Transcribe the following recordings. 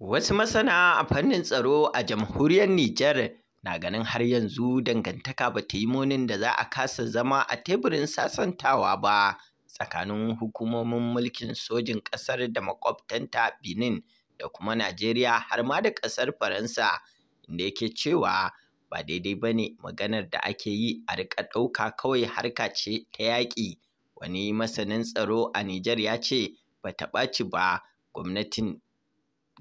Wasu masana a fannin tsaro a jamhuriyar Nijar na ganin har yanzu dangantaka ba ta yi munin da za a kasa zama a teburin sasantawa ba tsakanin hukumomin mulkin sojin ƙasar da makwabtanta Benin da kuma Najeriya har ma da ƙasar Faransa, inda yake cewa ba daidai ba ne maganar da ake yi a riƙa ɗauka kawai harka ce ta yaƙi. Wani masanin tsaro a Nijar ya ce ba ta ɓaci ba gwamnatin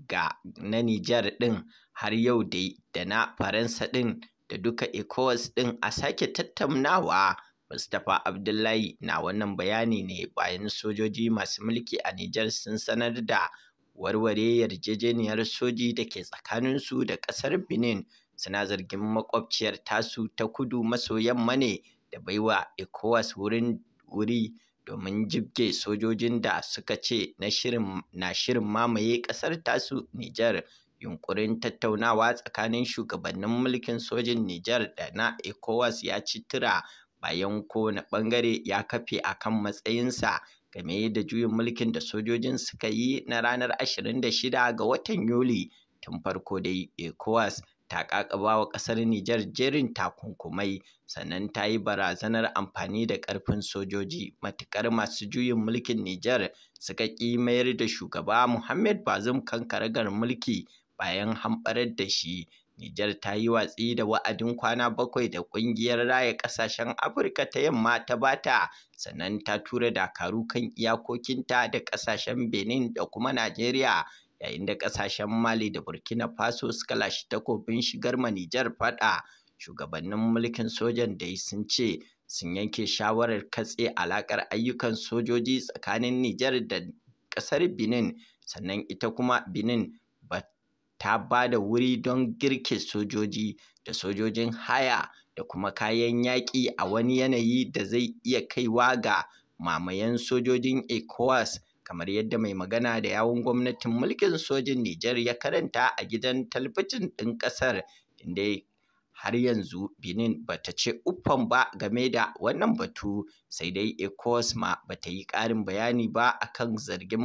ga na Nijar ɗin har yau dai da na Faransa ɗin da duka ECOWAS ɗin a sake tattaunawa. Mustapha Abdullahi na wannan bayani ne bayan sojoji masu mulki a Nijar sun sanar da warware yarjejeniyar soji da ke tsakaninsu da ƙasar Benin suna zargin makwabciyar tasu ta kudu maso yamma ne da baiwa ECOWAS wurin wuri domin jibge sojojin da suka ce na shirin mamaye kasar tasu Nijar. Yunkurin tattaunawa tsakanin shugabannin mulkin sojin Nijar da na ECOWAS ya ci tura bayan kowane bangare ya kafe a kan matsayinsa game da juyin mulkin da sojojin suka yi na ranar 26 ga watan Yuli tun farko dai ECOWAS ta ƙaƙaba wa ƙasar Nijar jerin takunkumai sannan ta yi barazanar amfani da ƙarfin sojoji matuƙar masu juyin mulkin Nijar suka ƙi mayar da shugaba Muhammad Bazoum kan karagar mulki bayan hamɓarar da shi. Nijar ta yi watsi da wa'adin kwana bakwai da ƙungiyar raya ƙasashen Afirka ta yamma ta bata sannan ta tura dakaru kan iyakokinta da ƙasashen Benin da kuma Najeriya yayin da kasashen Mali da Burkina Faso suka lashe takobin shigar ma Nijar faɗa shugabannin mulkin sojan da sun ce sun yanke shawarar katse alakar ayyukan sojoji tsakanin Nijar da kasar Benin sannan ita kuma Benin ba ta ba da wuri don girke sojoji da sojojin haya da kuma kayan yaƙi a wani yanayi da zai iya kaiwa ga mamayen sojojin ECOWAS kamar yadda mai magana da yawun gwamnatin mulkin sojin Nijar ya karanta a gidan talbijin ɗin ƙasar inda har yanzu Benin ba ta ce uffan ba game da wannan batu sai dai ECOWAS ma ba ta yi ƙarin bayani ba a kan zargin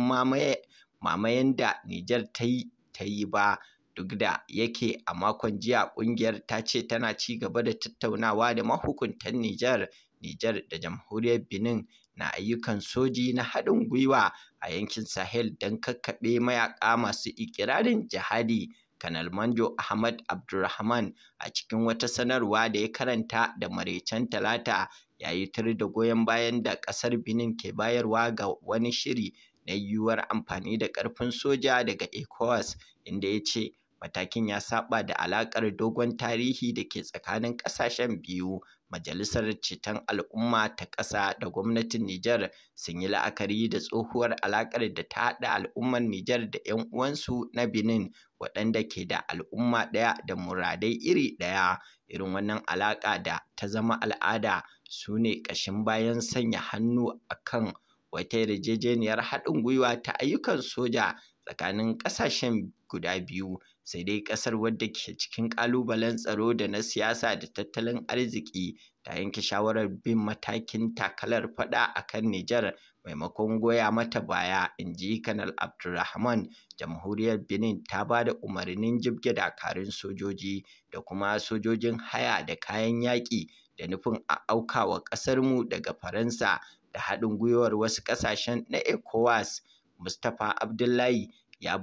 mamayen da Nijar ta yi ta yi ba duk da yake a makon jiya ƙungiyar ta ce tana ci gaba da tattaunawa da mahukuntan Nijar Nijar da Jamhuriyar Benin na ayyukan soji na haɗin gwiwa a yankin Sahel don kakkaɓe mayaƙa masu iƙirarin jihadi. Kanal Manjo Ahmad Abdulrahman a cikin wata sanarwa da ya karanta da maraicen Talata ya yi tir da goyon bayan da ƙasar Benin ke bayarwa ga wani shiri na yiwuwar amfani da ƙarfin soja daga ECOWAS, inda ya ce matakin ya saɓa da alaƙar dogon tarihi da ke tsakanin ƙasashen biyu. Majalisar Citan Al'umma ta ƙasa da gwamnatin Nijar sun yi la'akari da tsohuwar alaƙar da ta haɗa al'ummar Nijar da 'yan uwansu na Benin waɗanda ke da al'umma ɗaya da muradai iri ɗaya. Irin wannan alaƙa da ta zama al'ada su ne ƙashin bayan sanya hannu a kan wata yarjejeniyar haɗin gwiwa ta ayyukan soja tsakanin ƙasashen biyu. guda biyu sai dai ƙasar wadda ke cikin ƙalubalen tsaro da na siyasa da tattalin arziki ta yanke shawarar bin matakin takalar faɗa a kan Nijar maimakon goya mata baya in ji Kanal Abdulrahman jamhuriyar Benin ta ba da umarnin jibge dakarun sojoji da kuma sojojin haya da kayan yaƙi da nufin a aukawa ƙasarmu daga Faransa da haɗin gwiwar wasu ƙasashen na ECOWAS Mustapha Abdullahi ya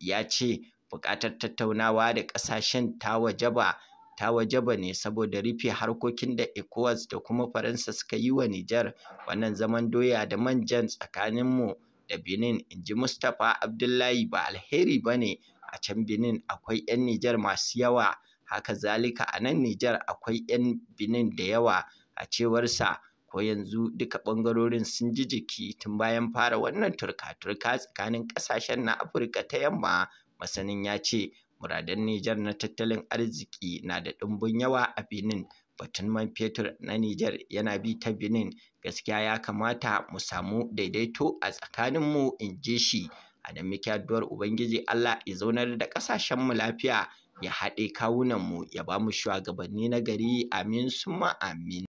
ya ce buƙatar tattaunawa da ƙasashen ta wajaba ta wajaba ne saboda rufe harkokin da ECOWAS da kuma Faransa suka yi wa Nijar wannan zaman doya da manjan tsakaninmu da Benin in ji Mustapha Abdullahi ba alheri ba ne a can Benin akwai 'yan Nijar masu yawa haka zalika a nan Nijar akwai 'yan Benin da yawa a cewarsa ko yanzu duka ɓangarorin sun ji jiki tun bayan fara wannan turka-turka tsakanin ƙasashen na Afirka ta yamma masanin ya ce muradan Nijar na tattalin arziki na da ɗumbin yawa a Benin batun man fetur na Nijar yana bi ta Benin gaskiya ya kamata mu samu daidaito a tsakaninmu in je shi a da muke addu'ar Ubangiji Allah ya zaunar da ƙasashenmu lafiya ya haɗe kawunanmu ya ba mu shugabanni na gari amin suma amin